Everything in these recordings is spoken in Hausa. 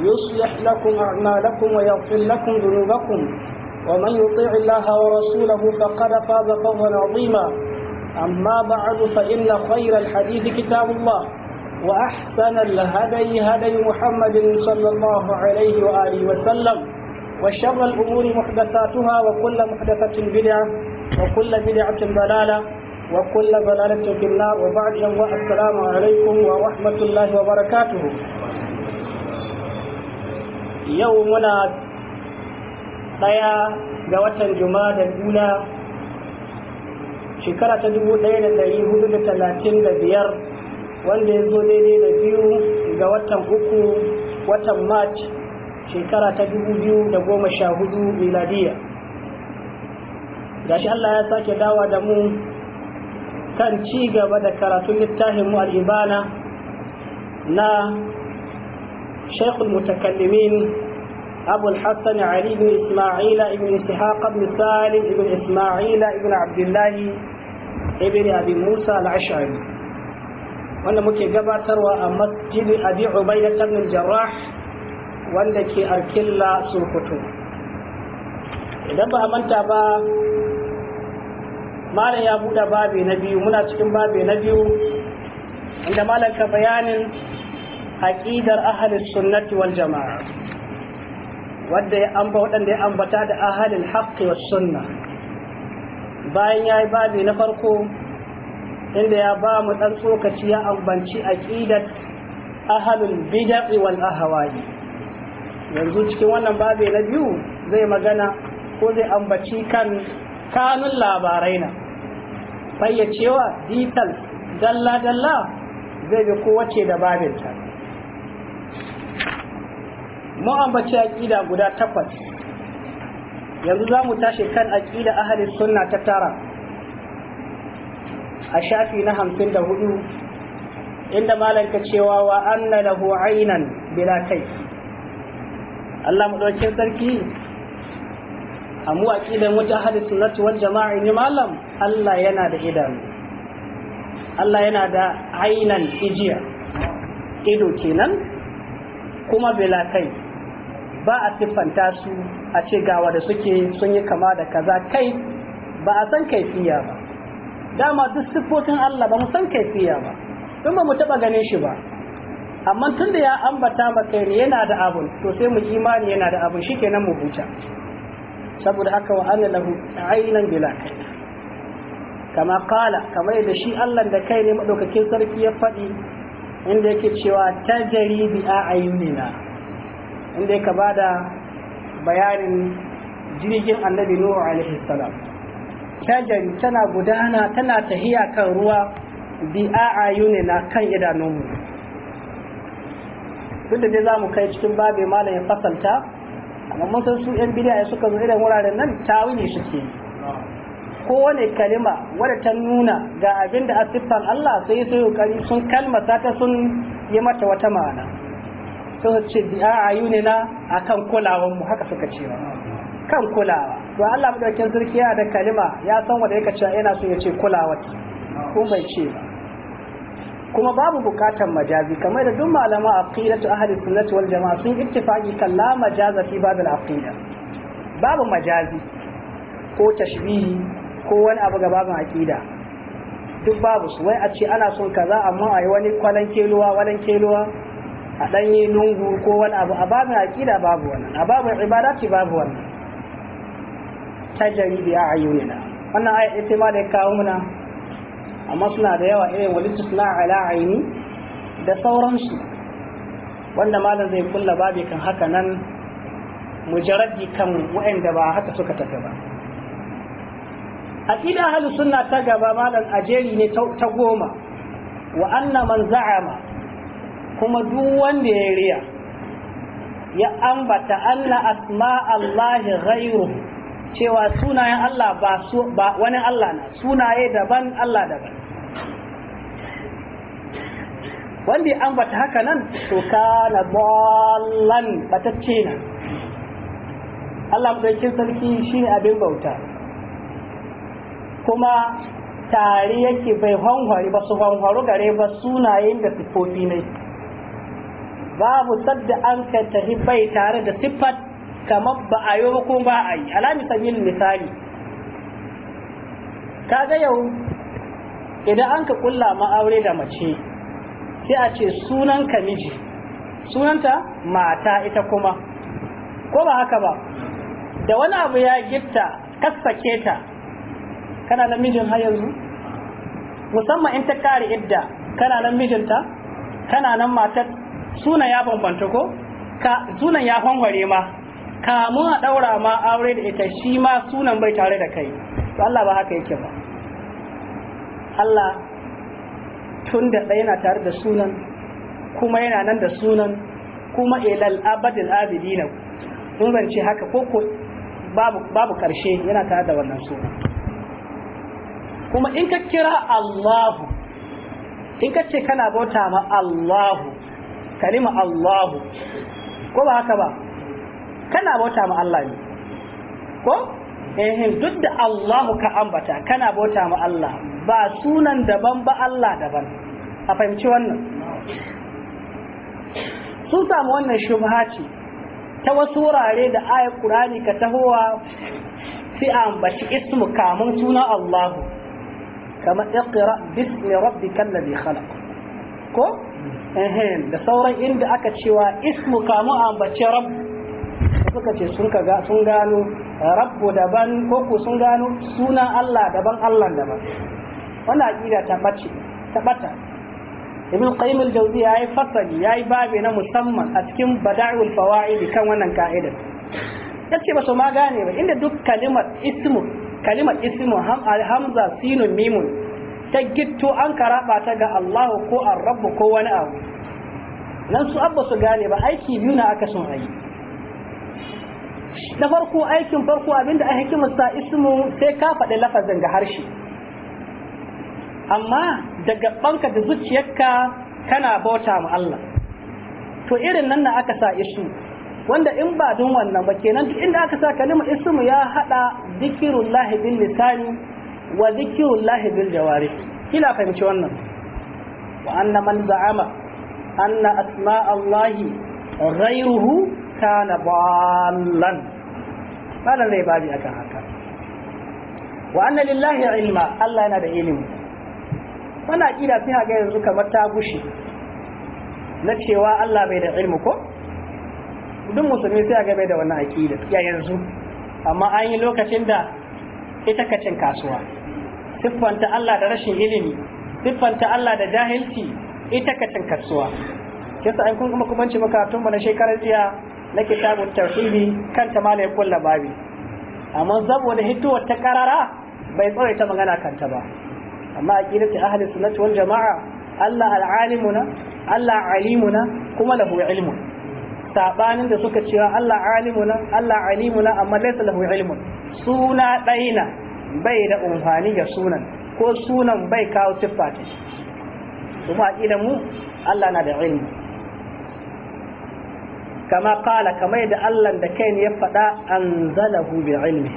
يصلح لكم أعمالكم ويغفر لكم ذنوبكم ومن يطيع الله ورسوله فقد فاز فوزا عظيما أما بعد فإن خير الحديث كتاب الله وأحسن الهدي هدي محمد صلى الله عليه وآله وسلم وشر الأمور محدثاتها وكل محدثة بدعة وكل بدعة ضلالة وكل ضلالة في النار وبعد السلام عليكم ورحمة الله وبركاته yau muna ɗaya ga watan juma'a da gula shekara ta dubu ɗaya da ɗari hudu da talatin da biyar wanda ya zo daidai da biyu ga watan uku watan march shekara ta dubu biyu da goma sha hudu miladiya gashi allah ya sake dawa da mu kan ci gaba da karatun littafin mu al'ibana na شيخ المتكلمين أبو الحسن علي بن إسماعيل بن إسحاق بن سالم بن إسماعيل بن عبد الله بن أبي موسى العشعري وأنا ممكن جبا تروى مسجد أبي عبيدة بن الجراح wanda ke arkilla surkutu idan ba a manta ba malam ya buɗe babi na biyu muna cikin babi na biyu inda malam ka bayanin aqidar ahlus sunnati wal jamaa wanda ya amba wadanda ya ambata da ahlul haqqi was sunna bayan yayi babi na farko inda ya ba mu dan tsokaci ya ambanci aqidat ahlul bid'i wal ahwa'i yanzu cikin wannan babi na biyu zai magana ko zai ambaci kan kanun labarai na fayyacewa details dalla-dalla zai bi kowace da babinta mun ambaci aqida guda takwas yanzu za mu tashi kan aqida ahalin sunna ta tara a shafi na hamsin da hudu inda malanka cewa wa anna lahu ainan bila kai Allah mu dauke sarki a mu amu aqidan ahalin ahli ta wani jama'a ne malam Allah yana da idanu Allah yana da ainan ijiya ido kenan kuma bila kai ba a siffanta su a ce gawa da suke sun yi kama da kaza kai ba a san kaifiya ba dama duk siffofin Allah ba mu san kaifiya ba tun ba mu taba ganin shi ba amma tun da ya ambata ne yana da abun to sai mu imani yana da abun shikenan mu huta saboda haka wa anna lahu aynan bila kai kama kala kamar da shi Allah da kai ne madaukakin sarki ya faɗi inda yake cewa tajari bi a ayunina inda ka ba da bayanin jirgin annabi nuhu alaihi salam tajari tana gudana tana tahiya kan ruwa bi a ayuni na kan idanunmu duk da dai za mu kai cikin babu malam ya fasalta amma mun san su yan bidiya suka zo irin wuraren nan tawili suke Ko kowane kalima wadda ta nuna ga abinda da a Allah sai su yi sun kalmata ta sun yi mata wata ma'ana sai su ce bi a na akan kulawar mu haka suka ce kan kulawa to Allah madaukakin sarki yana da kalima ya san wanda yake cewa yana so ya ce kulawa ko bai ce ba kuma babu bukatar majazi kamar da duk malama aqidatu ahli sunnati wal jamaa sun ittifaqi kan la majaza fi babul aqida babu majazi ko tashbihi ko wani abu ga babu aqida duk babu su wai a ce ana son kaza amma ayi wani kwalan keluwa walan keluwa a dan yi lungu ko wani abu a babin aqida babu wannan a babin ibadati babu wannan Ta tajari bi a'yunina wannan ayat ita ma da ya kawo muna amma suna da yawa irin walitusna ala aini da sauransu wanda malam zai kulla babi kan haka nan mujarraddi kan wa'anda ba haka suka tafi ba aqida ahlus sunna ta gaba malam ajeri ne ta goma wa anna man za'ama kuma duk wanda ya riya ya ambata anna asma Allah ghairu cewa sunayen Allah ba su ba wani Allah na sunaye daban Allah daban wanda ya ambata haka nan to kana ballan batacce na Allah madaukin sarki shi ne abin bauta kuma tare yake bai hanhwari ba su hanhwaru gare ba sunayen da sifofi ne babu sadda an ka tafi bai tare da siffat kamar ba a yi ko ba a yi alami sanyin misali ka ga yau idan an ka kulla ma'aure da mace sai a ce sunan ka miji sunanta mata ita kuma ko ba haka ba da wani abu ya gitta kassake ta kana nan mijin har yanzu musamman in ta kare idda kana nan mijinta kana nan matar sunan ya bambanta ko ka sunan ya fanware ma kamun a daura ma aure da ita shi ma sunan bai tare da kai to Allah ba haka yake ba Allah tun da ɗaya yana tare da sunan kuma yana nan da sunan kuma ilal abadin abidina mun zance haka ko ko babu babu karshe yana tare da wannan sunan kuma in ka kira Allahu in ka ce kana bauta ma Allahu kalima Allahu ko ba haka ba kana bauta ma Allah ne ko eh duk da Allahu ka ambata kana bauta ma Allah ba sunan daban ba Allah daban a fahimci wannan sun samu wannan shubha ce ta wasu wurare da ayat Qur'ani ka tahowa sai ambaci ismu kamun sunan Allahu kama iqra bismi rabbikal ladhi khalaq ko ehem da sauran inda aka cewa ismu kamu ambace rab suka ce sun ga sun gano rabbu daban ko sun gano sunan Allah daban Allah daban wannan aqida ta bace ta bata ibn qayyim al-jawziy yayi fasali yayi babe na musamman a cikin bada'ul fawaid kan wannan ka'ida yace ba su ma gane ba inda duk kalimar ismu kalimar ismu hamza sinun mimun ta gitto an karaba ta ga Allah ko ar-rabb ko wani abu nan su abba su gane ba aiki biyu na aka sun ayi na farko aikin farko abinda a sa ismu sai ka faɗi lafazin ga harshe amma daga banka da zuciyarka kana bauta ma Allah to irin nan na aka sa isu wanda in ba don wannan ba kenan inda aka sa kalimar ismu ya hada zikirullahi bil lisani wa zikrullahi bil jawarih kila fahimci wannan wa anna man za'ama anna asma Allah ghayruhu kana ballan malan zai babi akan haka wa anna lillahi ilma Allah yana da ilimi wannan aqida sai ga yanzu kamar ta gushi na cewa Allah bai da ilmi ko duk musulmi sai ga bai da wannan aqida ya yanzu amma an yi lokacin da ita kacin kasuwa siffanta Allah da rashin ilimi siffanta Allah da jahilci ita ka cin kasuwa kisa an kun kuma kuma ci maka tun bana shekarar jiya na kitabun tauhidi kan ta mala kulla babi amma saboda hitowar ta karara bai tsare ta magana kanta ba amma aqidatu ahli sunnati wal jamaa Allah al'alimuna Allah alimuna kuma lahu ilmun sabanin da suka cewa Allah alimuna Allah alimuna amma laysa lahu ilmun suna daina bai da umfani ga sunan ko sunan bai kawo siffa ta shi kuma aqida mu Allah na da ilmi kama qala kama yadda Allah da kai ya faɗa anzalahu bi ilmi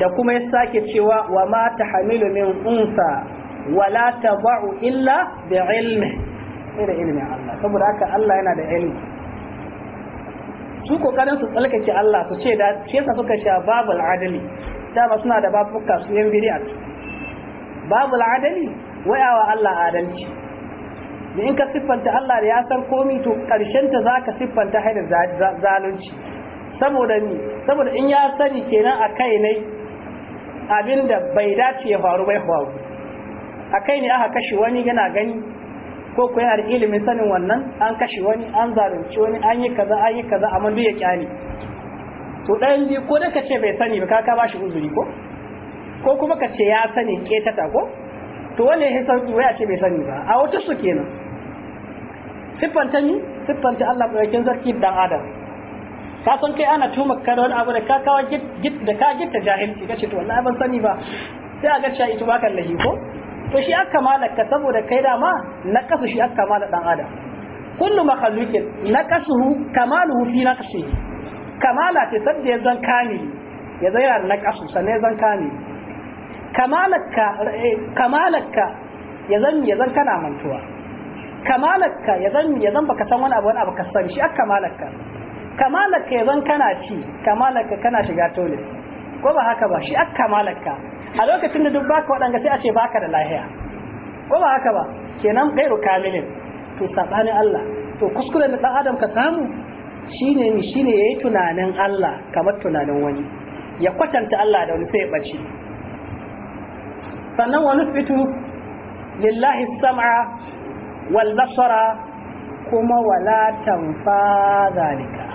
da kuma ya sake cewa wa ma hamilu min unsa ta ba'u illa bi ilmi sai da ilmin Allah saboda haka Allah yana da ilmi su kokarin su tsalkake Allah su ce da ke suka sha babul adali dama suna da bafuka su yan bid'a babu la'adari, wayawa Allah adalci da in ka siffanta Allah da ya san komi to karshen ta zaka siffanta da zalunci saboda ni saboda in ya sani kenan a kai ne abinda bai dace ya faru bai faru a kai ne aka kashe wani yana gani ko ku yana da ilimin sanin wannan an kashe wani an zalunci wani an yi kaza an yi kaza amma duk ya kyani to ɗayan biyu ko da ka ce bai sani ba ka ba shi uzuri ko ko kuma ka ce ya sani ta ko to wannan ya san wai ya ce bai sani ba a wata su kenan siffanta ni siffanta Allah ɗaukin zarki dan adam ka san kai ana tuma ka da wani abu da ka kawo da ka gitta jahilci ka ce to wallahi ban sani ba sai a ga cewa ita ba kallahi ko to shi aka malaka saboda kai dama na kasu shi aka malaka dan adam kullu makhluqin nakasuhu kamaluhu fi naqsihi kamala ce sadda ya zan kame ya zai yana na kasu sannan ya zan kame kamalaka eh, ya zan ya zan kana mantuwa kamalaka ya zan ya zan baka san wani abu wani abu ka san shi ak kamalaka kamalaka ya zan kana ci kamalaka kana shiga tole ko ba haka ba shi ak kamalaka a lokacin da duk baka waɗanda sai a ce baka da lahiya ko ba haka ba kenan gairu kamilin to sabani Allah to kuskure na dan adam ka samu shine shine yayi tunanin Allah kamar tunanin wani ya kwatanta Allah da wani sai ya bace sannan wani fito, lillahi sam'a wal basara kuma wala tanfa zalika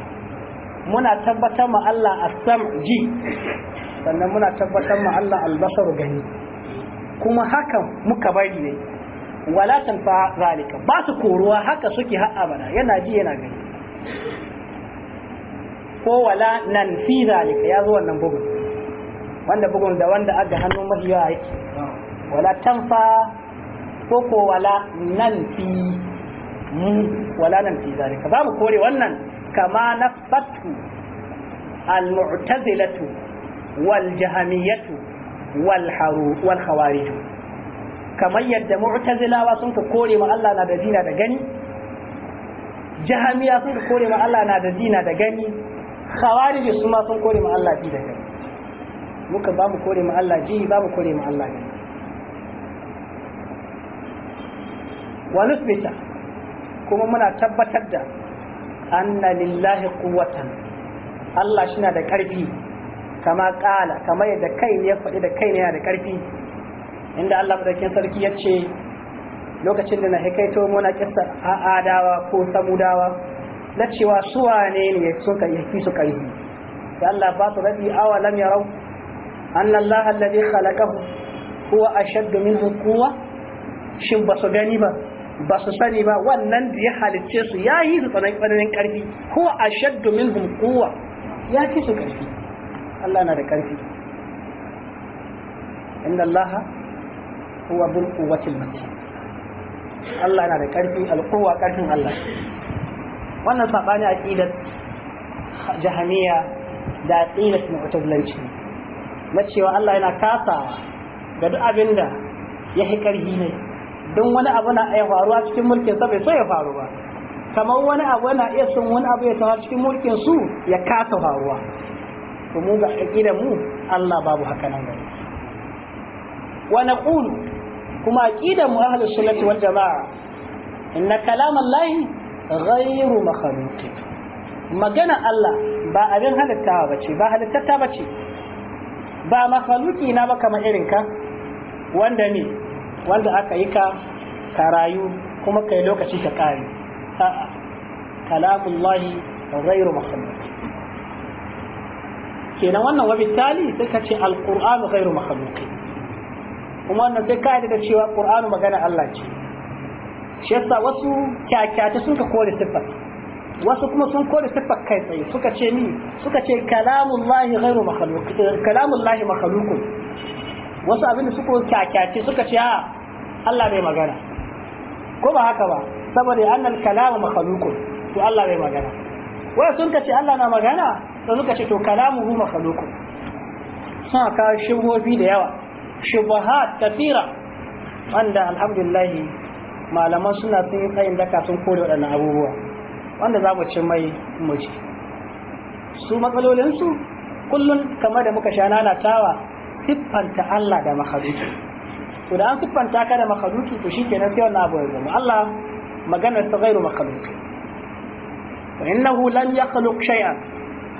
muna tabbatar ma Allah as-sam' ji sannan muna tabbatar ma Allah al-basar gani kuma haka muka bari ne wala tanfa zalika ba su koruwa haka suke har abada yana ji yana gani ko wala nan fi zalika ya zo wannan bugun wanda bugun da wanda aga hannu mafi yawa yake wala tanfa ko ko wala nan fi hmm, wala nan fi zalika babu kore wannan kama na fatu al-mu'tazilatu wal jahamiyatu wal haru wal khawarij kamar yadda mu'tazilawa sun ka kore ma Allah na da dina da gani jahamiya sun ka kore ma Allah na da dina da gani khawariji su ma sun kore ma Allah ji da kai muka ba mu kore ma Allah ji ba mu kore ma Allah ji wa nusbita kuma muna tabbatar da anna lillahi quwwatan Allah shi na da karfi kama kala kama yadda kai ne ya faɗi da kai ne yana da karfi inda Allah madaukakin sarki ya ce lokacin da na hikaito muna kissa adawa ko samudawa na cewa suwa ne ne suka yi su kai da Allah ba su rabi awa lam ya yarau anna Allah alladhi khalaqahu huwa ashaddu minhu quwwa shin ba su gani ba ba su sani ba wannan da ya halicce su ya yi su tsananin karfi huwa ashaddu minhum quwwa ya fi su karfi Allah na da karfi inna Allah huwa bil quwwatil matin Allah na da karfi al-quwwa karfin Allah wannan a ƙidar jahamiya da aqidar mu'tazilanci na cewa Allah yana kasawa ga duk da ya hi karhi ne don wani abu na iya faruwa cikin mulkin sa bai so ya faru ba kamar wani abu na iya son wani abu ya tawa cikin mulkin su ya kasa faruwa to mu ga aqidar mu Allah babu haka nan gari wa naqulu kuma aqidar mu ahlus sunnati wal jamaa inna kalam Allah ghairu makhluqi magana Allah ba abin halittawa bace ba halittata bace ba makhluqi na ba kamar irin ka wanda ne wanda aka yi ka ka rayu kuma kai lokaci ka kare a'a kalamullahi ghairu makhluqi kenan wannan wa bitali sai ka ce alqur'anu ghairu makhluqi kuma wannan sai ka da cewa qur'anu magana Allah ce shi yasa wasu kyakyata sun ka kore siffar wasu kuma sun kore siffar kai tsaye suka ce ni suka ce kalamullahi ghairu makhluq kalamullahi makhluqun wasu abin da suka kyakkyace suka ce a Allah bai magana ko ba haka ba saboda annal kalamu makhluqun to Allah bai magana wai sun ka ce Allah na magana to suka ce to kalamuhu makhluqun sun ka shubhofi da yawa shubahat kathira wanda alhamdulillah malaman suna sun yi tsayin daka sun kore waɗannan abubuwa wanda za mu ci mai muji su matsalolinsu kullum kamar da muka sha tawa siffanta Allah da makhaluki to da an siffanta ka da makhaluki to shikenan sai wannan abu ya zama Allah maganar ta gairu makhaluki wa innahu lam yakhluq shay'an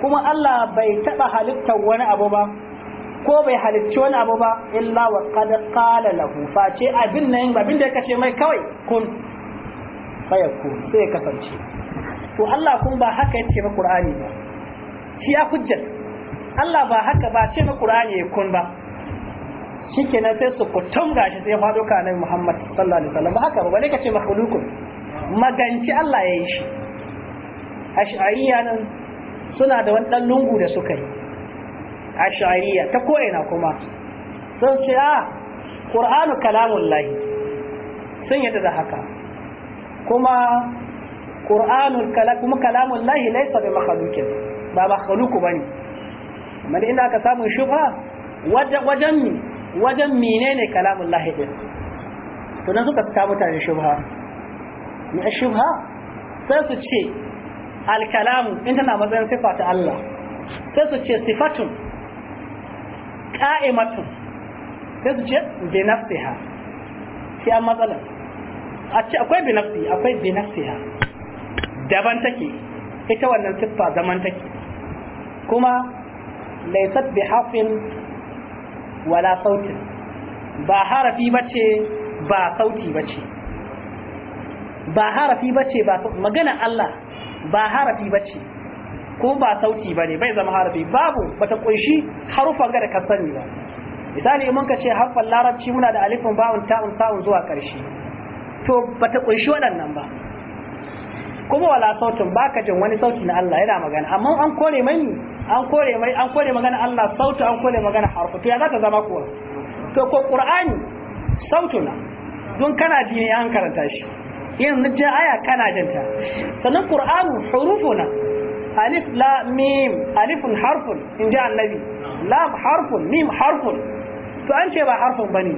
kuma Allah bai taba halittar wani abu ba ko bai halicci wani abu ba illa wa qad qala lahu fa ce abin nan abin da kace mai kawai kun fayakun sai kasance to Allah kun ba haka yake ba Qur'ani ba shi ya hujjar Allah ba haka ba ce ba Qur'ani ya kun ba shikenan sai su kutun gashi sai fado ka Annabi Muhammad sallallahu alaihi wasallam haka ba bane kace makhluqun maganci Allah ya yi shi ash'ariya nan suna da wani dan lungu da suka yi ashariya ta ko'ina kuma sun ce a ah, ƙur'anu kalamun lahi sun yadda da haka kuma ƙur'anun kuma kalamun lahi laisa bi makhlukin ba makhluku bane amma inda aka samu shubha wajen mi wajen menene kalamun lahi din to nan suka ta mutane shubha ni shubha sai su ce al-kalamu in tana matsayin sifa Allah sai su ce sifatun ka'imatu sai su ce bi nafsiha sai an matsala a ce akwai bi nafsi akwai bi nafsiha daban take ita wannan siffa zaman take kuma laysat bi hafin wala sautin ba harafi bace ba sauti bace ba harafi bace ba magana Allah ba harafi bace ko ba sauti bane bai zama harafi babu bata kunshi harufan ga da ka sani ba misali mun ka ce harfan larabci muna da alifin ba'un ta'un ta'un zuwa karshe to bata kunshi waɗannan ba kuma wala sautin baka jin wani sauti na Allah yana magana amma an kore mai an kore mai an kore magana Allah sautu an kore magana harfu to ya za zama ko to ko qur'ani sautuna don kana ji an karanta shi yanzu ja aya kana jinta sannan qur'anu hurufuna alif la mim alifun harfun in ji annabi lam harfun mim harfun to an ce ba harfun bane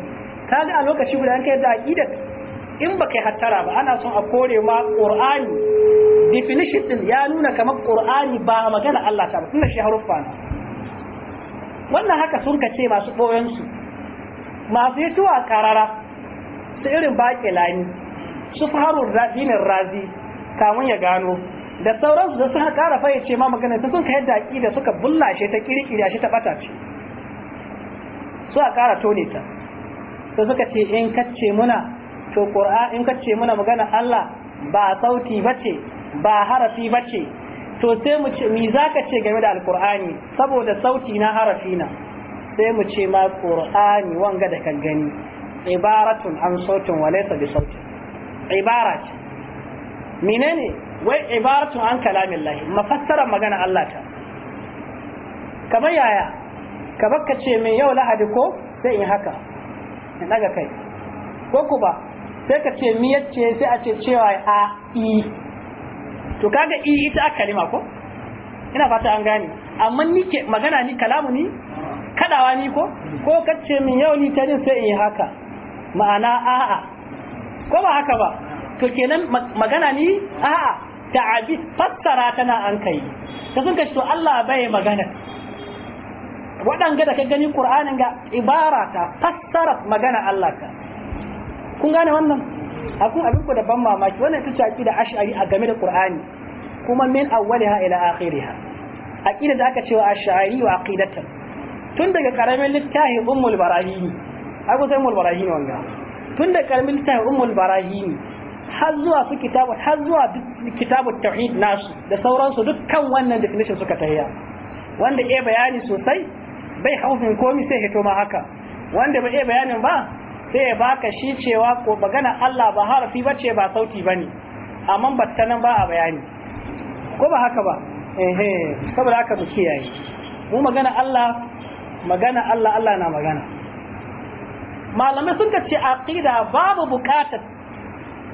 kaga a lokaci guda an kai da aqida in baka yi hattara ba ana son a korewa ma qur'ani ɗin ya nuna kamar qur'ani ba magana Allah ta ba tunda shi haruffa ne wannan haka sun kace masu boyen su masu yituwa karara su irin baƙilani su faru radinin razi kamun ya gano da sauransu da suka kara fayyace ma magana ta sun ka yadda aƙida suka bullashe ta kirkira shi ta bata ce suka kara tone ta sai suka ce in kacce muna to qur'an in kacce muna magana Allah ba sauti bace ba harafi bace to sai mu ce mi zaka ce game da alqur'ani saboda sauti na harafi na sai mu ce ma qur'ani wanga da kan gani ibaratun an sautin walaysa bi sauti ibara ce menene wai ibaratu an kalamin lahi mafassarar magana Allah ta kamar yaya ka baka ce min yau lahadi ko sai in haka in daga kai ko ku ba sai ka ce mi yace sai a ce cewa a i to kaga i ita aka kalima ko ina fata an gane amma ni ke magana ni kalamu ni kadawa ni ko ko ka ce min yau ni ta sai in haka ma'ana a'a ko ba haka ba to kenan magana ni a'a ta'abi fassara tana an kai Ka sun kashi to Allah bai magana waɗanga da ka gani Qur'anin ga ibara ta fassara magana Allah ka. kun gane wannan akwai abin ku da ban mamaki wannan ita ce aqida ash'ari a game da Ƙur'ani. kuma min awwaliha ila akhiriha aqida da aka cewa ash'ari wa aqidatan tun daga karamin littafi ummul barahini ai ko sai ummul barahini wanga tun daga karamin littafi ummul barahini har zuwa su kitabu har zuwa kitabu tauhid nasu da sauransu dukkan wannan definition suka tahiya wanda ya bayani sosai bai haufin komi sai hito ma haka wanda bai iya bayanin ba sai ya baka shi cewa ko magana Allah ba harafi ce ba sauti ba bane amma batta nan ba a bayani ko ba haka ba eh saboda haka mu kiyaye mu magana Allah magana Allah Allah na magana malamai sun ce aqida babu bukatar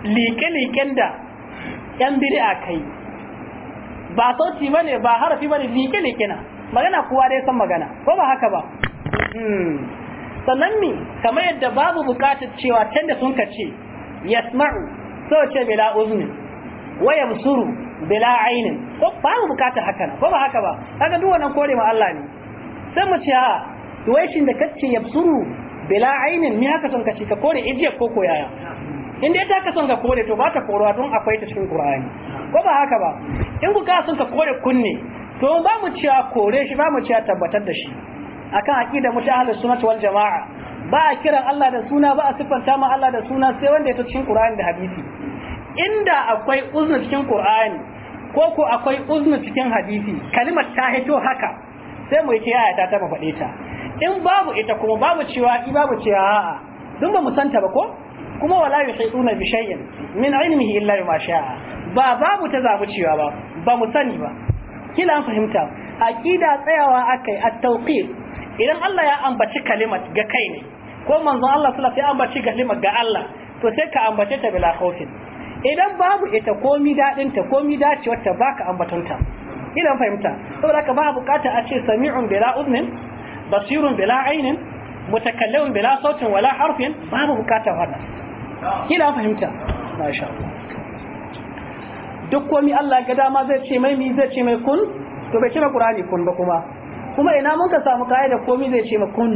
liƙe-liƙen da ‘yan bid'a kai ba sauci ba ne ba harafi ba ne liƙe-liƙe na magana kowa dai san magana ko ba haka ba hmm. sannan mi kamar yadda babu bukatar cewa can da sun kace yasma'u sau ce bila uzni waya musuru bila ainin ko babu bukatar haka na ko ba haka ba haka duk wannan kore ma Allah ne sai mu ce ha wai shi da kace yamsuru bila ainin mi haka sun kace ka kore ijiyar ko yaya in dai ta kasan ka kore to ba ta koruwa don akwai ta cikin qur'ani ko ba haka ba in ku ka sun ka kore kunne to ba mu cewa kore shi ba mu cewa tabbatar da shi akan aqida mu ta ahlus sunnah wal jamaa ba a kiran Allah da suna ba a sifanta ma Allah da suna sai wanda ya ta cikin qur'ani da hadisi inda akwai uzna cikin qur'ani ko ko akwai uzna cikin hadisi kalimar ta hito haka sai mu yi ta ta ta faɗe ta in babu ita kuma babu cewa i babu cewa a'a dun ba mu santa ba ko kuma wala yuhiduna bi shay'in min ilmihi illa ma sha'a ba babu ta zabu cewa ba ba mu sani ba kila an fahimta aƙida tsayawa akai a tawqir idan Allah ya ambaci kalimat ga kai ne ko manzon Allah sallallahu alaihi ya ambaci kalimat ga Allah to sai ka ambace ta bila kofin. idan babu ita komi dadin ta komi dacewar ta baka ambatonta ina fahimta saboda ka ba bukata a ce sami'un bila uznin basirun bila ainin mutakallamin bila sautin wala harfin babu bukata wannan kila fahimta masha Allah duk komi Allah ga dama zai ce mai mi zai ce mai kun to bai ce mai Qur'ani kun ba kuma kuma ina mun ka samu kai da komai zai ce mai kun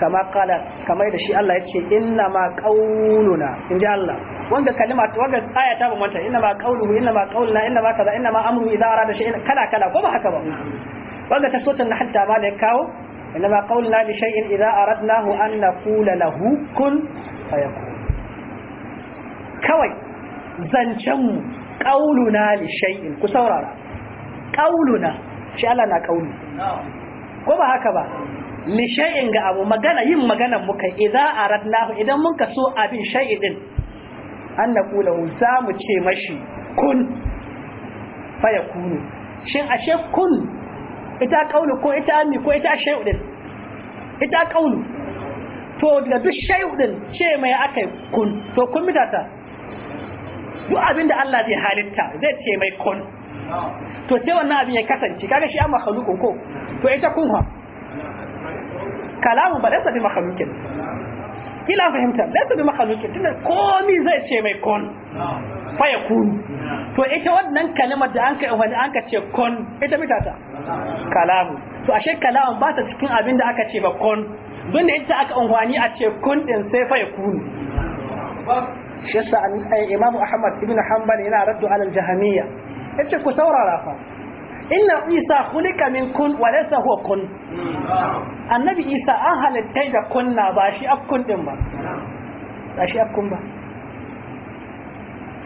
kama kala kamar da shi Allah yake inna ma qauluna inji Allah wanda kalima ta wanda aya ta bambanta inna ma qauluhu inna ma qauluna inna ma kaza inna ma amru idza arada shay'in kala kala ko ba haka ba wanda ta sotan na hatta ma da kawo inna ma qauluna li shay'in idza aradnahu an naqula lahu kun fayakun kawai zancenmu ƙaununa li shay'in ku saurara ƙaununa shi Allah na ƙaunu ko ba haka ba li shay'in ga abu magana yin magana muka idza aradnahu idan mun ka so abin shay'in din an naqula za mu ce mashi kun fayakunu shin ashe kun ita ƙaunu ko ita ami ko ita shay'in ita ƙaunu to daga duk shayu din ce mai aka kun to kun mita ta duk abin da Allah zai halitta zai ce mai kun to sai wannan abin ya kasance kaga shi amma makhluqun ko to ita kun ha kalamu ba laysa bi makhluqin kila fahimta laysa bi makhluqin tunda komai zai ce mai kun fa ya kun. to ita wannan kalmar da an kai wani an ka ce kun ita mita ta kalamu to ashe kalamu ba ta cikin abin da aka ce ba kun don da ita aka unhwani a ce kun din sai fa ya kunu shi yasa imamu ahmad ibn hanbal yana raddu alal jahamiyya yace ku saurara fa inna isa khuliqa min kun wa laysa huwa kun annabi isa an halittai da kunna ba shi afkun din ba ba shi afkun ba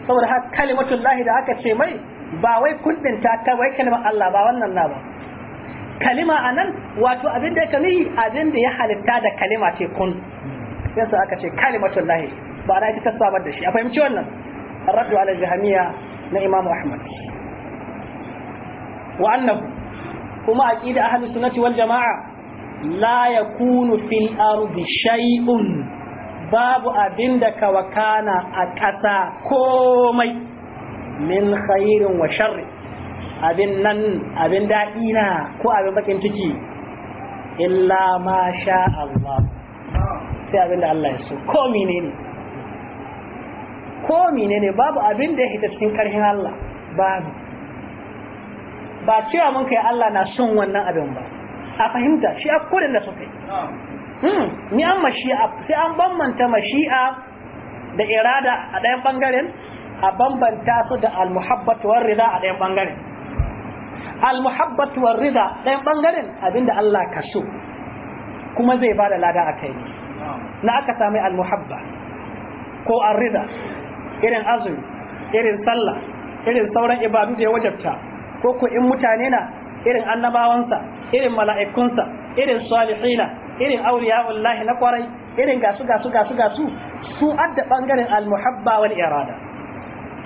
saboda haka kalimatullahi da aka ce mai ba wai kun din ta ta wai kalmar Allah ba wannan na ba kalima anan wato abin da yake nihi abin da ya halitta da kalima ce kun yasa aka ce kalimatun lahi ba na ita samar da shi a fahimci wannan raddu ala jahamiya na imam ahmad wa annahu kuma aqida ahlus sunnati wal jamaa la yakunu fil ardi shay'un babu abin da ka wakana a ƙasa komai min khairin wa sharri abin nan abin daɗi na ko abin bakin ciki illa ma sha Allah sai abin da Allah ya so ko menene ko menene babu abin da ya hita cikin ƙarfin Allah babu ba cewa mun kai Allah na son wannan abin ba a fahimta shi a kodin da suka yi hmm, ni an mashi'a sai an bambanta mashi'a da irada a ɗayan ɓangaren a bambanta su da almuhabbat war rida a ɗayan ɓangaren al-muhabbatu war rida ɗayan ɓangaren abinda Allah ka so kuma zai bada lada ne. na aka sami Almuhabba ko ar-rida irin azumi irin sallah irin sauran ibadu da ya wajabta ko ko in mutane na irin annabawansa irin mala'ikunsa irin salihina irin auliya'ullahi na kwarai irin gasu gasu gasu gasu su adda bangaren Almuhabba muhabba wal irada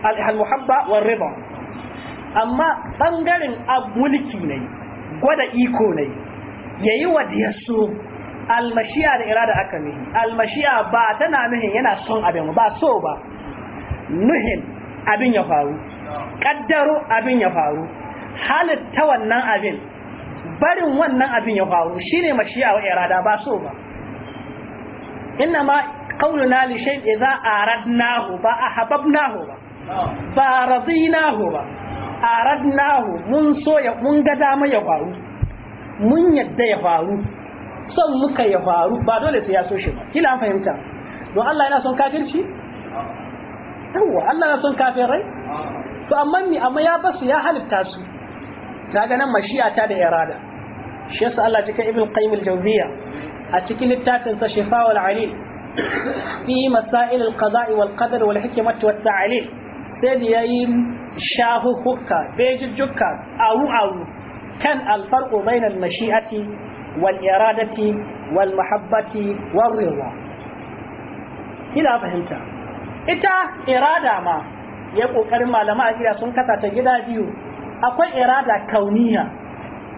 al-muhabba rida amma bangaren mulki ne gwada iko ne yayi wa da so almashiya da irada aka mihi almashiya ba tana nuhin yana son abin ba so ba nuhin abin ya faru kaddaro abin ya faru halitta wannan abin barin wannan abin ya faru shine mashiya wa irada ba so ba inna ma qauluna li shay'in idza aradnahu ba ahbabnahu ba ba radinahu ba aradnahu mun so ya mun ga dama ya faru mun yadda ya faru son muka ya faru ba dole sai ya so shi ba kila an fahimta don Allah yana son kafirci yawa Allah yana son kafirai to amma ni amma ya basu ya halitta su ta ganin nan mashi'a ta da irada shi yasa Allah cikin ibn qayyim al-jawziya a cikin littafin sa shifa'ul alil fi masail al-qada'i wal qadar wal hikmati wat ta'lil sai da yayin shahuhuka bejujjuka awu awu kan alfarqu bainal mashi'ati wal iradati wal mahabbati wal ridha kila fahimta ita irada ma ya kokarin malama a gida sun kasata gida biyu akwai irada kauniya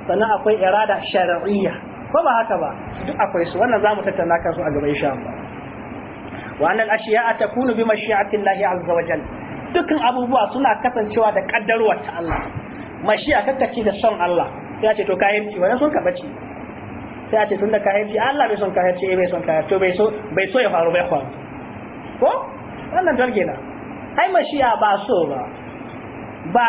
sannan akwai irada shar'iyya ko ba haka ba duk akwai su wannan zamu tattauna kansu a gaba insha Allah wa annal ashiya'a takunu bi mashi'ati Allah azza wa jalla dukkan abubuwa suna kasancewa da kaddarwar ta Allah mashiya kakkaci da son Allah ya ce to kahirci wani sun kabaci sai ce tunda kahirci Allah bai son kahirci eh, bai son kahirci to bai so bai so ya faru bai faru ko wannan dalge na ai mashiya ba so ba ba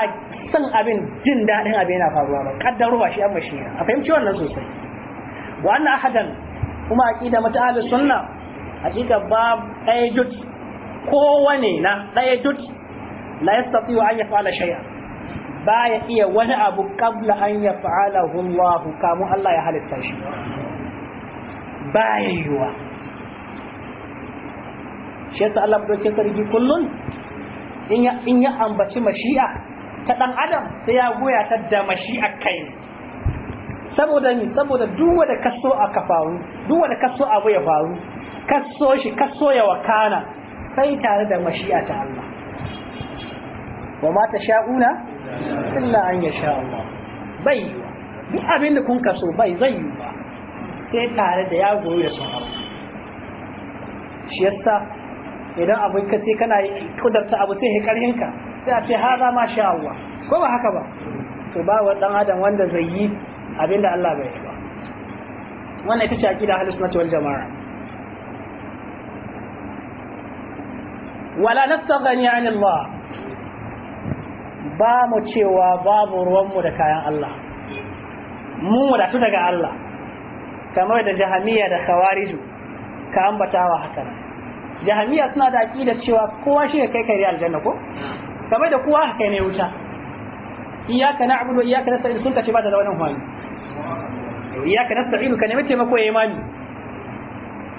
san abin jin daɗin abin yana faruwa ba kaddarwa shi an mashiya a fahimci wannan sosai wannan ahadan kuma aqida mata ahlus sunna hakika ba ɗaya jut kowane na ɗaya duk. لا يستطيع أن يفعل شيئا iya wani abu kabla an yaf'alahu Allah kamun Allah ya halitta shi baya yiwa الله yasa Allah doke sarki kullun in ya ambaci mashi'a ta dan adam sai ya goya ta da saboda ni saboda duk wanda kaso aka faru duk wanda kaso abu ya faru kaso shi kaso ya wakana sai tare da mashi'a ta Allah wa ma ta sha'una illa an ya sha bai yi duk abin kun kaso bai zai yi ba sai tare da ya goyi da sun abu shi idan abu ka ce kana kudarta abu sai karhin ka sai a ce haza ma sha Allah ko ba haka ba to ba wa dan adam wanda zai yi abinda Allah bai yi ba wannan ita ce aqida ahlus sunnah wal jamaa wala nastaghni 'an Allah ba mu cewa babu ruwanmu da kayan Allah mun wadatu daga Allah kamar da jahamiya da khawariju ka ambatawa haka jahamiya suna da aqida cewa kowa shi kai kai aljanna ko kamar da kowa kai ne wuta iyyaka na'budu wa iyyaka nasta'in sun kace ba da wannan hwani iyyaka nasta'in ka nemi taimako ya imani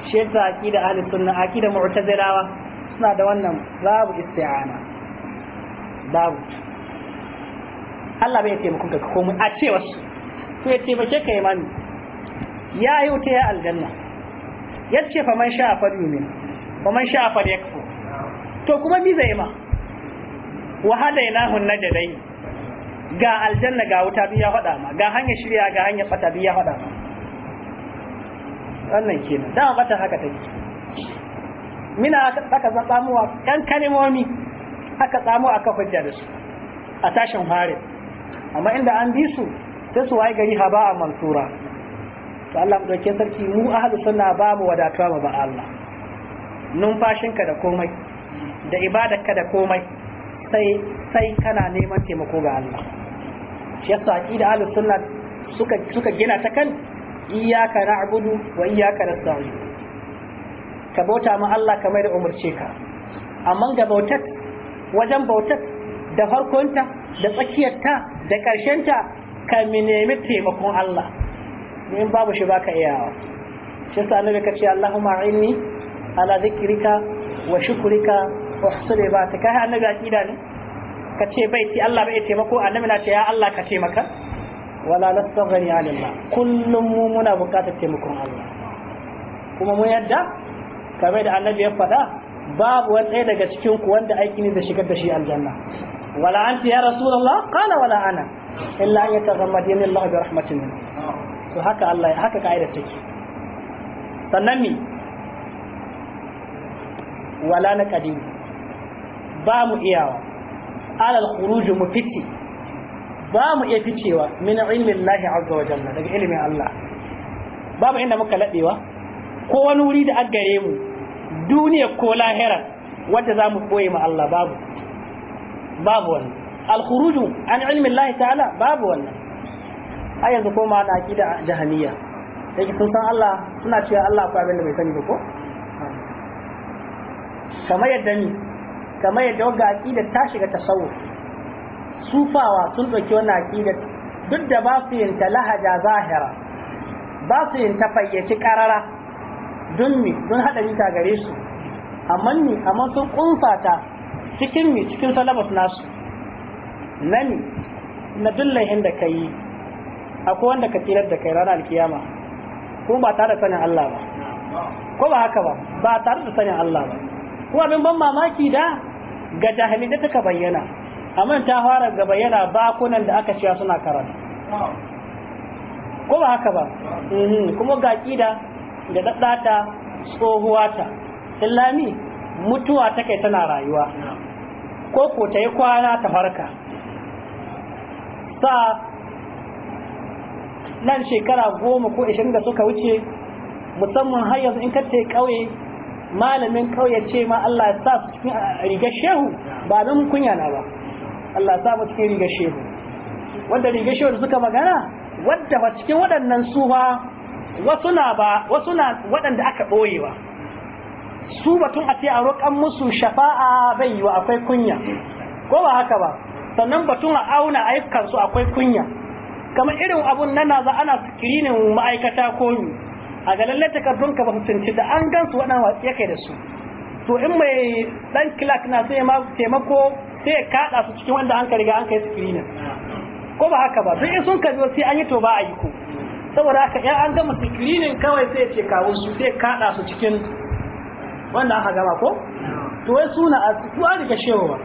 shi yasa aqida ahli sunna aqida mu'tazilawa suna da wannan babu isti'ana babu Allah bai taimakon ka komai a cewa su to ya taimake ka imani ya yi wuta ya aljanna ya ce fa man sha fa yumin fa man sha fa kafo to kuma mi zai ma wa da dai ga aljanna ga wuta biyu ya faɗa ma ga hanyar shirya ga hanyar fata biyu ya faɗa ma wannan kenan dama bata haka take mina aka tsamuwa kan ɗan kalimomi aka tsamo aka hujja da su a tashin harin amma inda an bi su sai su waye gari haba a mansura to Allah mu dauke sarki mu ahlus sunna ba mu wadatuwa ba Allah numfashinka da komai da ibadarka da komai sai sai kana neman taimako ga Allah shi yasa aqida ahlus sunna suka suka gina ta kan iyyaka na'budu wa iyyaka nasta'in ka bauta ma Allah kamar da umurce ka amma ga bautar wajen bautar da farkonta da tsakiyarta da ƙarshenta ka nemi taimakon Allah in babu shi baka iyawa shi yasa annabi ka ce Allahumma inni ala zikrika wa shukrika wa husni ibadati kai annabi akida ne ka ce bai ci Allah bai taimako annabi na ce ya Allah ka taimaka wala nastaghni Allah kullum mu muna buƙatar taimakon Allah kuma mu yadda kamar da annabi ya faɗa babu wani ɗaya daga cikin ku wanda aiki ne da shigar da shi aljanna wala anti ya rasulullah qala wala ana illa an yatazammadani Allah bi rahmatin min to haka Allah haka kaidar take sannan ni wala na qadim ba mu iyawa alal khuruj mufitti ba mu iya ficewa min ilmin Allah azza wa jalla daga ilimin Allah babu inda muka ladewa ko wani wuri da aggare mu duniya ko lahira wanda za mu koye ma Allah babu babu wannan al an ilmi lahi ta'ala babu wannan ai yanzu ko ma da aqida jahamiyya yake sun san Allah suna cewa Allah akwai abin da bai sani ba ko kamar yadda ni kamar yadda wanda aqida ta shiga tasawuf sufawa sun dauki wannan aqida duk da ba su yin ta lahaja zahira ba su yin ta fayyaci karara don me don hadari ta gare su amma ni amma sun kunfata cikin mi cikin salabas nasu nan na dillahin da ka yi akwai wanda ka tilar da kai ranar alkiyama Ko ba tare da sanin Allah ba ko ba haka ba ba tare da sanin Allah ba ko abin ban mamaki da ga jahilin da take bayyana amma ta fara ga bayyana bakunan da aka cewa suna karatu ko ba haka ba mhm, kuma ga kida da daddata tsohuwa ta illami mutuwa take tana rayuwa ko ko ta yi kwana ta farka sa nan shekara goma ko ishirin da suka wuce musamman har yanzu in ka ta ƙauye malamin ƙauye ce ma Allah ya sa su cikin rigar shehu ba nan kunya na ba Allah ya sa mu cikin rigar shehu wanda rigar shehu da suka magana wadda ba cikin waɗannan su ba wasu na ba wasu na waɗanda aka ɓoye ba su batun a ce a roƙan musu shafa'a bai yiwa akwai kunya ko ba haka ba sannan batun a auna ayyukan su akwai kunya kamar irin abun nan na za ana sikirinin ma'aikata ko ni a ga lalle takardun ka ba su tunci da an gan su waɗannan ya kai da su to in mai dan kilak na sai ma taimako sai ya kaɗa su cikin wanda an ka riga an kai sikirinin ko ba haka ba duk in sun kaji sai an yi to ba a yi ko saboda haka ya an gama sikirinin kawai sai ya ce kawo su sai kaɗa su cikin wanda aka gama ko to wai suna a su an rike shehu ba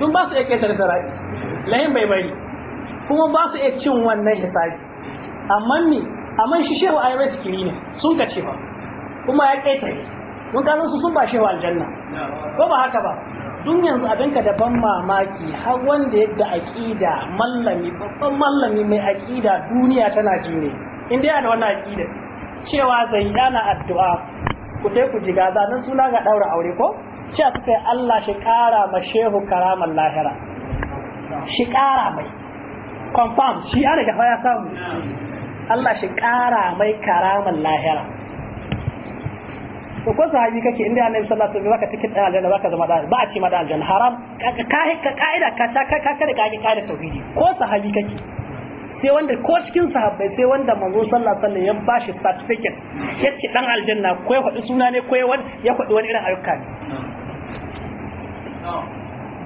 tun ba su iya ƙetare sarari lahin bai bari kuma ba su iya cin wannan hisabi amma ni amma shi shehu a yawai sikiri ne sun kace ba kuma ya ƙetare mun kasan su sun ba shehu aljanna ko ba haka ba tun yanzu abinka da ban mamaki har wanda yadda aƙida mallami babban mallami mai aƙida duniya tana jure in dai da wannan aƙida cewa zai yana addu'a ku je ku jiga nan suna ga daura aure ko shi a suka Allah shi kara ma shehu karaman lahira shi kara mai confirm shi ya daga faya samu Allah shi kara mai karaman lahira to ko haji kake inda annabi sallallahu alaihi wasallam zaka tikin aljanna zaka zama da, ba a ce ma da aljanna haram ka ka ka ka ka ka ka ka ka ka ka ka ka ka kake sai wanda ko cikin sahabbai sai wanda manzo sallallahu alaihi wasallam ya bashi certificate yace dan aljanna ko ya faɗi suna ne ko ya wani ya faɗi wani irin ayyuka ne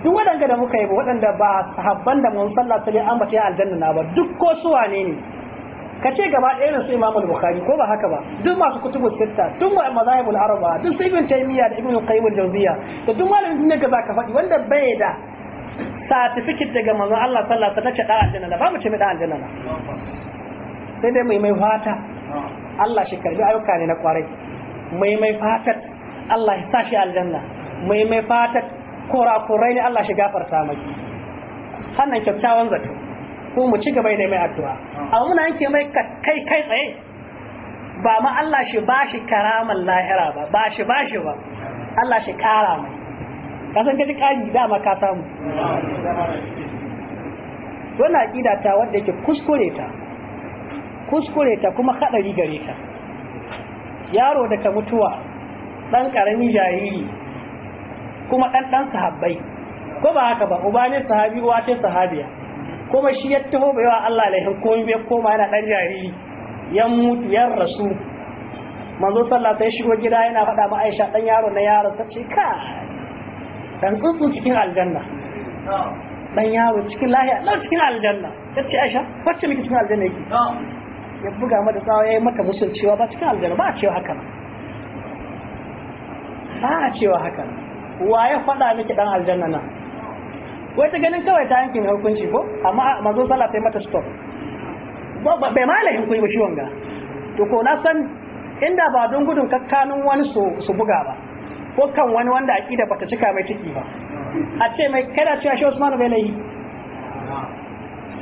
duk waɗanda da muka yi ba waɗanda ba sahabban da manzo sallallahu alaihi wasallam ambata ya aljanna na ba duk ko su wane ne ka ce gaba ɗaya su Imam Bukhari ko ba haka ba duk masu kutubu sitta duk wa mazahibul arba duk sai ibn taymiya da ibn qayyim al-jawziya to duk malamin ne ka zaka faɗi wanda bai da certificate daga manzon Allah sallallahu alaihi wasallam ta ce da aljanna ba mu ce mai da aljanna sai dai mai mai fata Allah shi karbi ayyuka ne na kwarai mai mai fatat Allah ya sashi shi aljanna mai mai fatat kurakurai ne Allah shi gafarta mai sannan kyakkyawan zato ko mu ci gaba da mai addu'a amma muna yanke mai kai kai tsaye ba ma Allah shi bashi shi karamar lahira ba ba shi ba ba Allah shi kara mai ka san kaji kari dama ka samu wannan aqida ta wanda yake kuskure ta kuskure ta kuma hadari gare ta yaro da ka mutuwa dan karami jariri kuma dan dan sahabbai ko ba haka ba uba ne sahabi uwa ce sahabiya kuma shi ya taho bai wa Allah laihin komai bai koma yana dan jariri ya mutu ya rasu manzo sallah sai shigo gida yana faɗa ma Aisha dan yaro na yaro ta ce dan tsuntsu cikin aljanna dan yaro cikin lahiya dan cikin aljanna ta ce aisha wacce miki cikin aljanna yake ya buga mata tsawa ya yi maka musul cewa ba cikin aljanna ba a cewa haka ba a cewa haka wa ya faɗa miki dan aljanna na wai ta ganin kawai ta yankin hukunci ko amma manzo sallah sai mata stop bai ma lahin kuyi ba shi wanga to ko na san inda ba don gudun kakkanin wani su buga ba ko kan wani wanda aqida bata cika mai ciki ba a ce mai kada cewa shi Usman bai laihi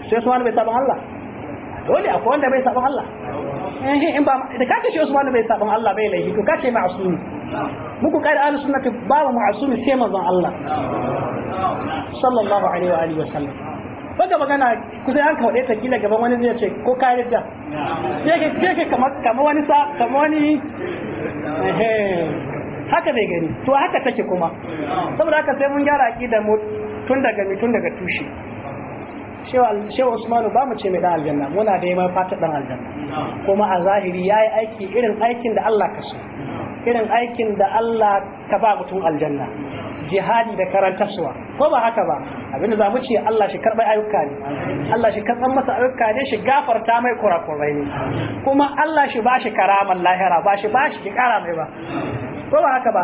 shi Usman bai saban Allah dole akwai wanda bai saban Allah eh, in ba da kake shi Usman bai saban Allah bai laihi to kace ma'sumi muku kai ahlus sunnati babu ma'sumi sai manzon Allah sallallahu alaihi wa alihi wa sallam baka magana kusa an kawo ta kila gaban wani zai ce ko ka yarda sai ke kamar kamar wani sa kamar wani eh, haka bai gani to haka take kuma saboda haka sai mun gyara aqidar mu tun daga mi tun daga tushe shewa usmanu ba mu ce mai dan aljanna muna da yamma fata dan aljanna kuma a zahiri yayi aiki irin aikin da Allah ka so irin aikin da Allah ka ba mutum aljanna jihadi da karantarsuwa ko ba haka ba abinda za mu ce Allah shi karɓar ayyuka ne Allah shi karɓar masa ayyuka ne shi gafarta mai kurakurai ne kuma Allah shi ba shi karaman lahira ba shi ba shi ki kara mai ba ko ba haka ba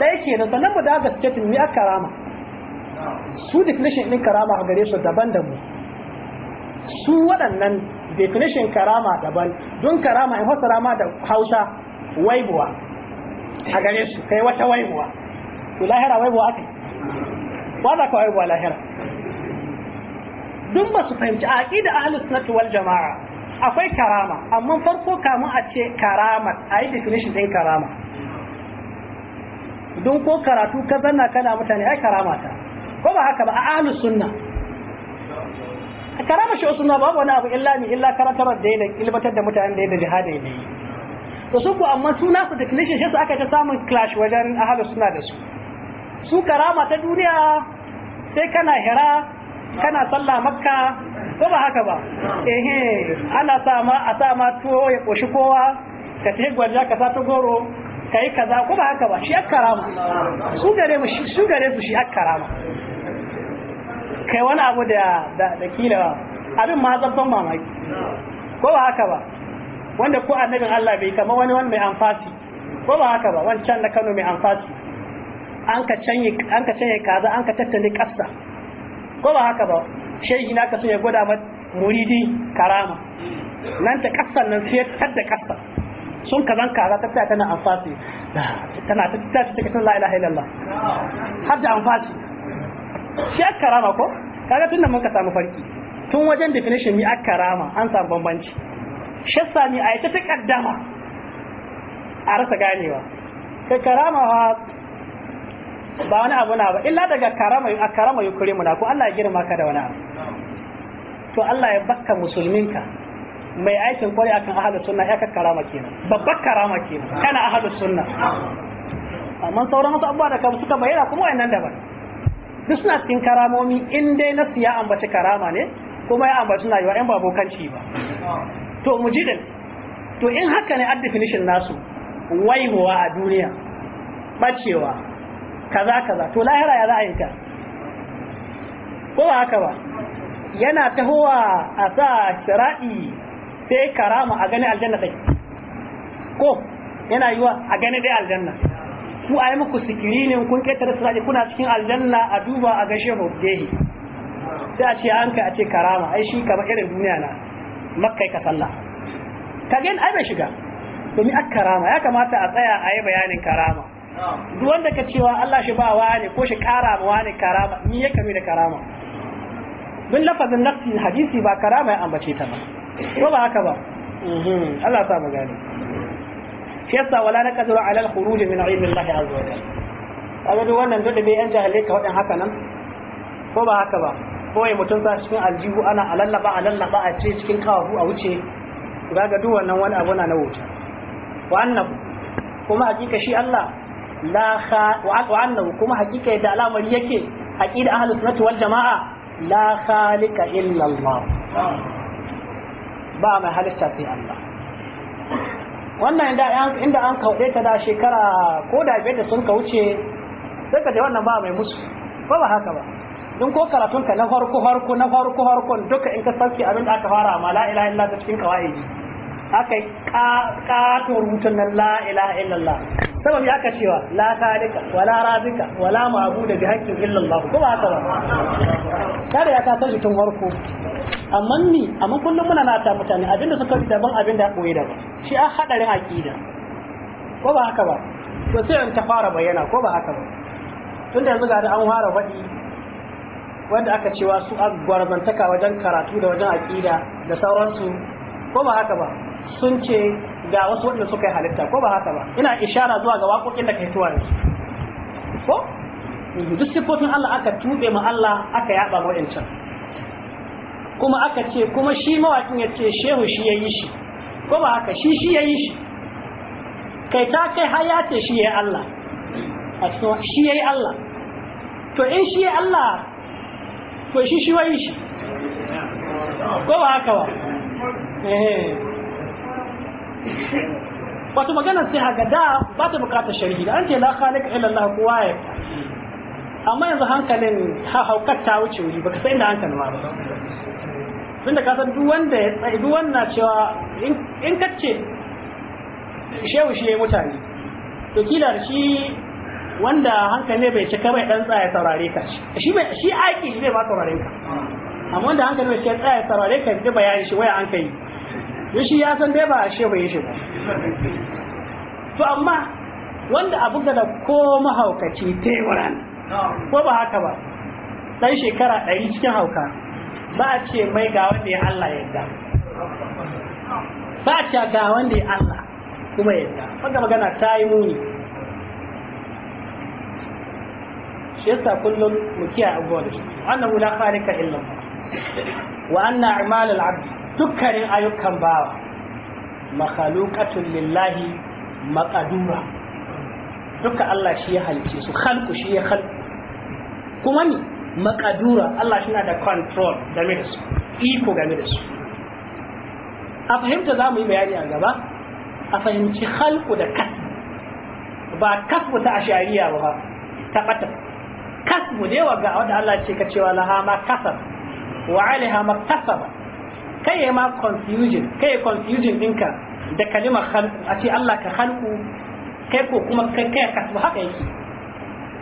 ɗaya kenan sanan mu daga cikin mi aka karama su definition din karama a gare su daban da mu su waɗannan definition karama daban don karama in fasara rama da Hausa waibuwa a gare su kai wata waibuwa to lahira waibuwa aka ba za ka waibuwa lahira duk ba su fahimci a aƙi da ahlus na tuwal jama'a akwai karama amma farko kamun a ce karama a yi definition din karama don ko karatu ka zanna kana mutane ai karama ta ko ba haka ba a ahlus sunna karama shi sunna ba wani abu illa ni illa karatar da yake ilmatar da mutanen da yake jihadi ne to su ko amma suna su definition shi su aka ta samun clash wajen ahlus sunna da su su karama ta duniya sai kana hira kana sallah makka ko ba haka ba ehe ana sa ma a sa ma tuwo ya koshi kowa ka ce gwanja ka sa ta goro kai kaza ko ba haka ba shi akkarama su gare mu su gare su shi akkarama kai wani abu da da kila abin ma zabban mamaki ko ba haka ba wanda ko annabin Allah bai kama wani wani mai amfati ko ba haka ba wancan na Kano mai amfati an ka canye an ka canye kaza an ka tattale kassa ko ba haka ba shehi na ka sun ya gwada muridi karama nan ta kassan nan sai da kassa sun ka zan kaza ta tana amfasi tana ta tashi ta tana la ilaha illallah har da amfasi shi karama ko kaga tunda mun ka samu farki tun wajen definition mi karama an samu bambanci shi yasa mi a ta kaddama a rasa ganewa kai karama ba wani abu na ba illa daga karama a karama yukuri na ko Allah ya girma ka da wani abu to Allah ya baka musulminka mai aikin kwari akan ahlus sunna ya ka karama kenan babbar karama kenan kana ahlus sunna amma sauran wasu abubuwa da kamar suka bayyana kuma wayannan daban duk suna cikin karamomi in dai na ya ambaci karama ne kuma ya ambaci na yiwa yan ba bokanci ba to mu ji din to in haka ne ad definition nasu waihuwa a duniya bacewa kaza kaza to lahira ya za a yi ta ko ba haka ba yana tahowa a sa shira'i sai karama a gani aljanna take ko yana yiwa a gani dai aljanna ku a yi muku sikirinin kun ketare siraji kuna cikin aljanna a duba a gashe mu dehi sai a ce an kai a ce karama ai shi kamar irin duniya na makkai ka sallah ka gani ai bai shiga domin a karama ya kamata a tsaya a yi bayanin karama duk wanda ka cewa Allah shi ba wani ko shi kara ma wani karama ni ya kame da karama bin lafazin nafsi hadisi ba karama ya ambace ta ba ko ba haka ba mhm. Allah sa mu gane shi yasa wala na kadru ala al khuruj min ilmi Allah azza wa jalla kaga duk wannan duk da bai yan jahilai ka wadin haka nan ko ba haka ba ko ya mutum sa cikin aljihu ana alallaba alallaba a ce cikin kawahu a wuce ga duk wannan wani abu na na wuta wa annabu kuma hakika shi Allah la kha wa annabu kuma hakika da al'amari yake aqida ahlus sunnati wal jamaa la khaliqa illa Allah ba mai halitta sai Allah wannan inda an kaude ta da shekara ko da bai da sun ka wuce sai ka ce wannan ba mai musu ba ba haka ba don ko karatun ka na farko farko na farko farkon duka in ka sauki abin da aka fara ma la ilaha illa ta cikin kawaidi aka katon rubutun nan la ilaha illallah saboda aka cewa la khaliqa wala razika wala ma'budu bi haqqin illallah ko ba haka ba kada ya kasar shi tun warko amma ni amma kullum muna nata mutane abinda suka fi daban abinda koyi daban shi a hadarin aqida ko ba haka ba to sai an ta fara bayyana ko ba haka ba tunda yanzu ga da an fara faɗi wanda aka cewa su a gwarzantaka wajen karatu da wajen aqida da sauransu ko ba haka ba sun ce ga wasu wadanda suka yi halitta ko ba haka ba ina ishara zuwa ga waƙoƙin da ka hituwa da su ko duk sifofin Allah aka tube ma Allah aka yaba ma waɗancan kuma aka ce kuma shi mawaƙin ya ce shehu shi ya yi shi ko ba haka shi shi ya yi shi kai ta kai har ya ce shi ya yi Allah a cikin shi ya yi Allah to in shi ya yi Allah to shi shi wa yi shi ko ba haka ba wato magana sai haga da ba ta bukatar sharhi da an ce la khaliq illa Allah kowa ya amma yanzu hankalin ha haukar ta wuce wuri baka san inda hankalin ba tunda ka san duk wanda ya tsaye duk wannan cewa in kace shehu shi yayi mutane to kila shi wanda hankali bai cika bai dan tsaya saurare ka shi bai shi aiki shi bai ba saurare ka amma wanda hankali bai cika tsaya saurare ka da bayani shi waya an kai to shi ya san dai ba ashe bai shiga to amma wanda abu da ko mahaukaci tewuran ko ba haka ba ɗan shekara ɗari cikin hauka ba a ce mai ga wanda ya Allah yadda ba a ce ga wanda ya Allah kuma yadda wanda magana ta yi muni shi yasa kullum mu kiyaye abubuwa da shi annahu la khaliqa illa Allah wa anna a'mal al-'abd dukkanin ayyukan bawa makhluqatun lillahi maqadura duka Allah shi ya halice su khalqu shi ya khalqu kuma ni maqadura Allah shi na da control game da su iko game da su a fahimta za mu yi bayani a gaba a fahimci khalqu da kasbu ba kasbu ta ashariya ba ta bata kasbu ne wa ga wanda Allah ce ka cewa laha ma kasab wa alaiha ma kasaba kai ya ma confusion kai ya confusion ɗinka da kalimar halku a ce Allah ka halku kai ko kuma kai kai kasu haka yake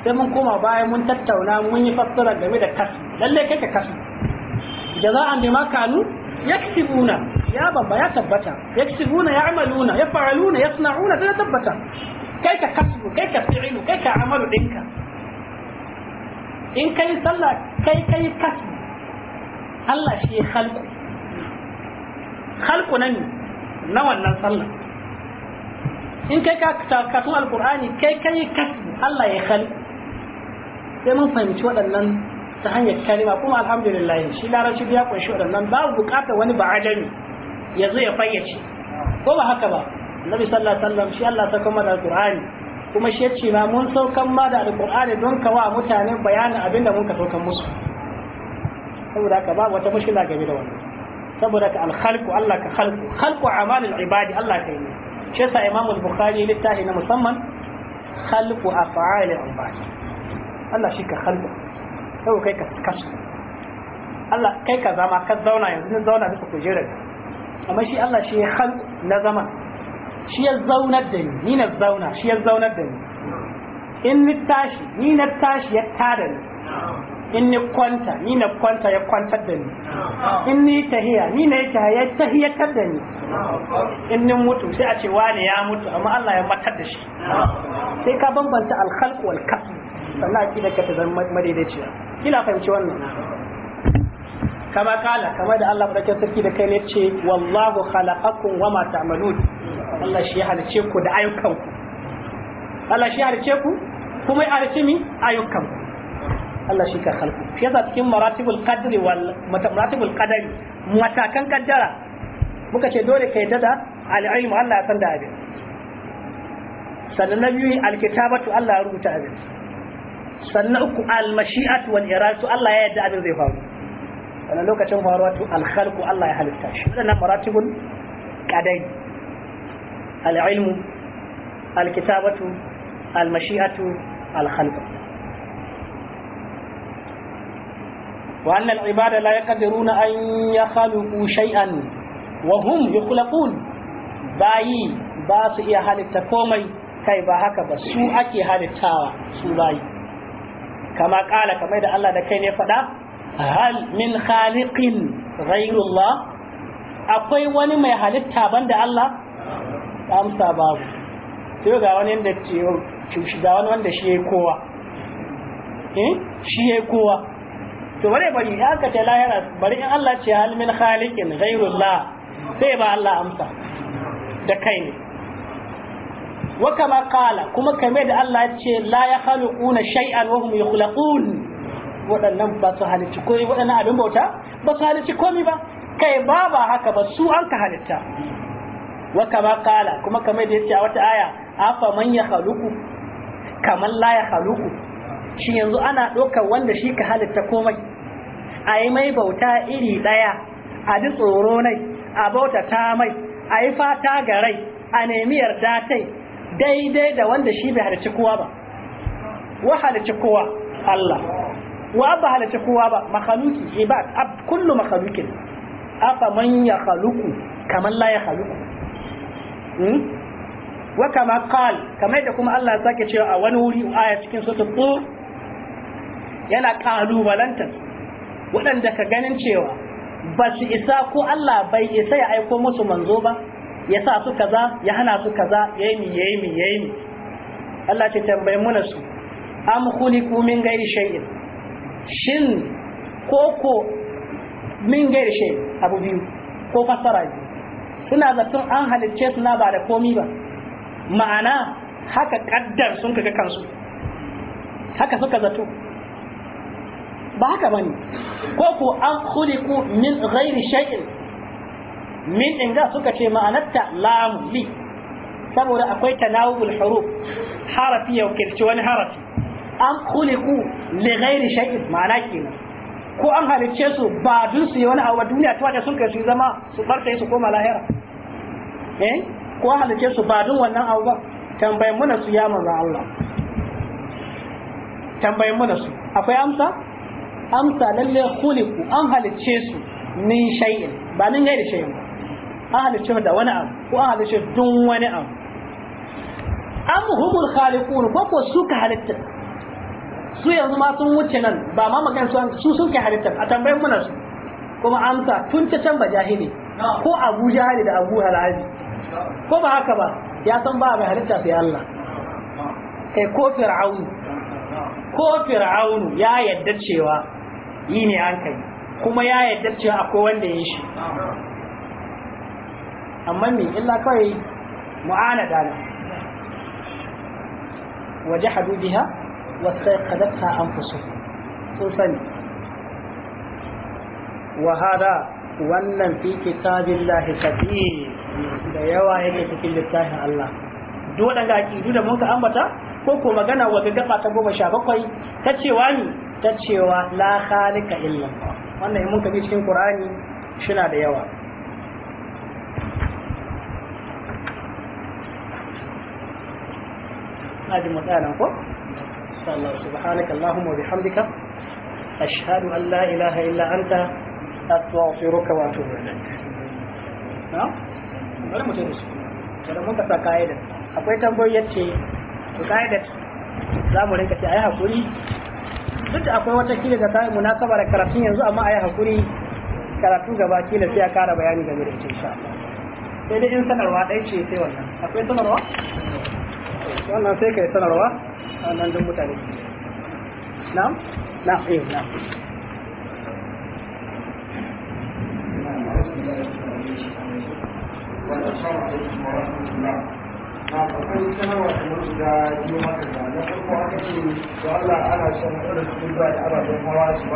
sai mun koma baya mun tattauna mun yi fassara game da kasu lalle kai ka kasu da za a bima kanu yaksibuna ya babba ya tabbata yaksibuna ya yaf'aluna yasna'una da tabbata kai ka kasu kai ka fi'ilu kai ka amalu dinka in kai sallah kai kai kasu Allah shi halku halku na na wannan sallah in kai ka kasu alkur'ani kai kai kasu Allah ya kali sai mun fahimci waɗannan ta hanyar kalima kuma alhamdulillah shi larabci ya kunshi waɗannan babu bukatar wani ba'adami ya zo ya fayyace ko ba haka ba nabi sallallahu alaihi wasallam shi Allah ta kuma da alkur'ani kuma shi yace ma mun saukan ma da alkur'ani don kawa mutane bayanin abinda mun ka saukan musu saboda haka babu wata mushkila game da wannan saboda ka alkhalqu Allah ka halku halku amalil ibadi Allah kai ne shi yasa Imam al-Bukhari littafi na musamman khalqu af'alil ibadi Allah shi ka khalqu sai kai ka kasu Allah kai ka zama ka zauna yanzu zauna bisa kujerar amma shi Allah shi ya halku na zama shi ya zauna da ni ni na zauna shi ya zauna da ni in ni tashi ni na tashi ya tada ni in ni kwanta ni na kwanta ya kwantar da ni in ni tahiya ni na tahiya tahiyatar da ni in ni mutu sai a ce wani ya mutu amma Allah ya matar da shi sai ka bambanta alkhalq wal kasb sannan akida ka ta zama madaidaiciya kila fahimci wannan kama kala kama da Allah madaukakin sarki da kai ne ce wallahu khalaqakum wama ta'malun Allah shi ya halice ku da ayyukanku Allah shi ya halice ku kuma ya halice mi ayyukanku Allah shi ka halku shi yasa cikin maratibul qadri wal maratibul qadari matakan kaddara muka ce dole al-ilm Allah ya san da abin sannan na biyu al-kitabatu Allah ya rubuta abin sannan uku al-mashi'atu wal iradatu Allah ya yadda abin zai faru lokacin faruwa to al-khalqu Allah ya halitta shi maratibul qadari al al-kitabatu al-mashi'atu al-khalqu wa annal ibada la yaqdiruna an yakhluqu shay'an wa hum yukhlaqun bayi ba su iya halitta komai kai ba haka ba su ake halittawa su bayi kama kala kamar da Allah da kai ne faɗa hal min khaliqin ghayrullah akwai wani mai halitta banda Allah amsa babu sai ga wani da ce ga wani wanda shi kowa to bare bari in aka ce lahira bari in Allah ce hal min khaliqin ghairullah sai ba Allah amsa da kai ne wa kama qala kuma kame da Allah ce la ya yakhluquna shay'an wa hum yukhlaqun waɗannan ba su halicci ko waɗannan abin bauta ba su halicci komai ba kai ba ba haka ba su an ka halitta wa kama qala kuma kame da yace a wata aya afa man ya yakhluqu kaman la ya yakhluqu shi yanzu ana ɗaukar wanda shi ka halitta komai a yi mai bauta iri ɗaya a ji tsoro nai a bauta ta mai a yi fata ga rai a nemi yarda tai daidai da wanda shi bai halarci kowa ba wa halarci kowa Allah wa ba halarci kowa ba makhaluki ibad ab kullu makhalukin afa man ya khaluku kamar la ya khaluku hmm? wa kama qal kamar da kuma Allah sake cewa a wani wuri aya cikin suratul tur yana kalubalantar waɗanda ka ganin cewa ba su isa ko Allah bai isa ya aiko musu manzo ba ya sa su kaza ya hana su kaza yi mi yi mi yi mi Allah ce tambayi muna su am khuliku min gairi shay'in shin koko min gairi shay'in abu biyu ko fasara suna zaton an halicce suna ba da komi ba ma'ana haka kaddar sun kaga kansu haka suka zato ba haka bane ko ko an khuliku min ghairi shay'in min din ga suka ce ma'anarta lam li saboda akwai tanawul huruf harafi ya kirci wani harafi an khuliku li ghairi shay'in ma'ana kenan ko an halicce su ba dun su yi wani abu duniya ta wata sun kai su zama su barta su koma lahira eh ko an halicce su ba dun wannan abu ba tambayin muna su ya manzo Allah tambayin muna su akwai amsa amsa lalle khuliqu an halicce su min shay'in ba min gairi shay'in ba an halicce da wani abu ko an halicce dun wani abu am humul khaliqun ko ko su ka halitta su yanzu ma sun wuce nan ba ma magan su su sun halitta a tambayin muna su kuma amsa tun ta can ba jahili ko Abu Jahali da Abu Halabi ko ba haka ba ya san ba mai halitta sai Allah kai ko fir'aunu ko fir'aunu ya yadda cewa yi ne an kai kuma ya yarda cewa akwai wanda ya shi amma me illa kawai Waje ne wajahadu biha wastaqadatha anfusuhum sun sani wa wannan fi kitabillahi kathir da yawa yake cikin littafin Allah duk wadanda aqidu da mun ka ambata ko ko magana wa gaba ta goma sha bakwai ta cewa ni ta cewa la khalika illa wannan in muka bi cikin qur'ani shina da yawa aji mutanen ko sallallahu subhanaka allahumma wa bihamdika ashhadu an la ilaha illa anta astaghfiruka wa atubu ilaik na bari mu tafi su kada mun sa kaidar akwai tambayoyi yace to kaidar za mu rinka ce ai hakuri duk da akwai wata kila da kayan munasaba da karatun yanzu amma a yi hakuri karatu gaba kila sai a kara bayani game da ita insha Allah sai dai in sanarwa ɗaya ce sai wannan akwai sanarwa wannan sai kai sanarwa wannan don mutane na'am na'am eh na'am Thank you. akwai sanarwa kamar guda biyu haka da na farko haka ce da Allah ana son irin su zuwa da ababen hawa su